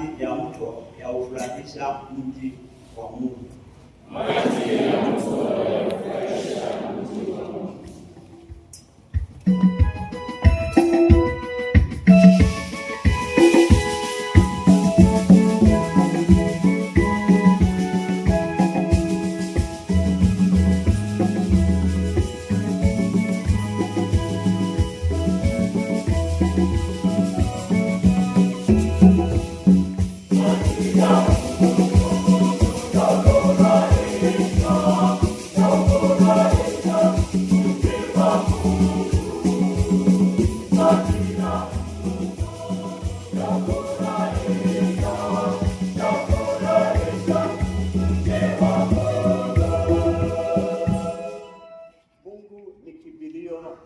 maji ya mto yaufurahisha mji wa Mungu.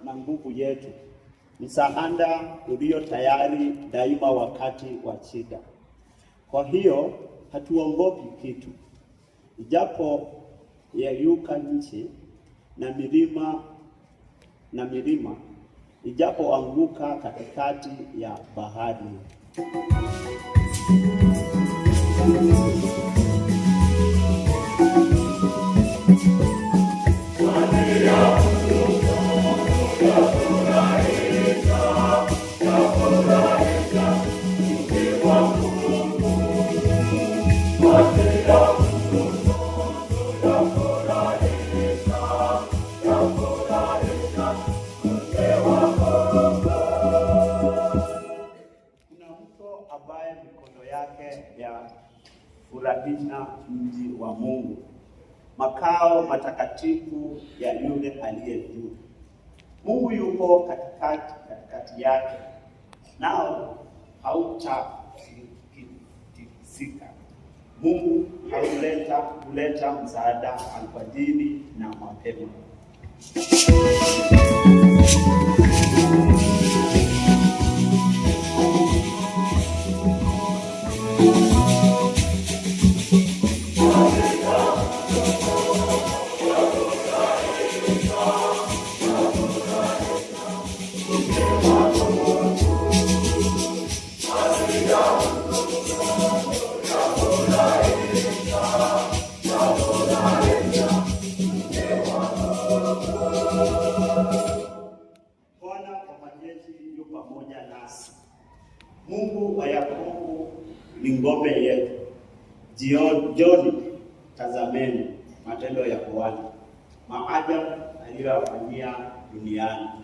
na nguvu yetu, msaada ulio tayari daima wakati wa shida. Kwa hiyo hatuogopi kitu, ijapo yayuka nchi na milima na milima, ijapoanguka katikati ya bahari Kristo ambaye mikono yake ya furahisha mji wa Mungu, makao matakatifu ya yule aliye juu. Mungu yupo katikati katikati yake, nao hautatikisika. Mungu huleta huleta msaada alfajiri na mapema. Mungu wa Yakobo ni ngome yetu. Joni, tazameni matendo ya kuwani maajabu aliyoyafanyia duniani.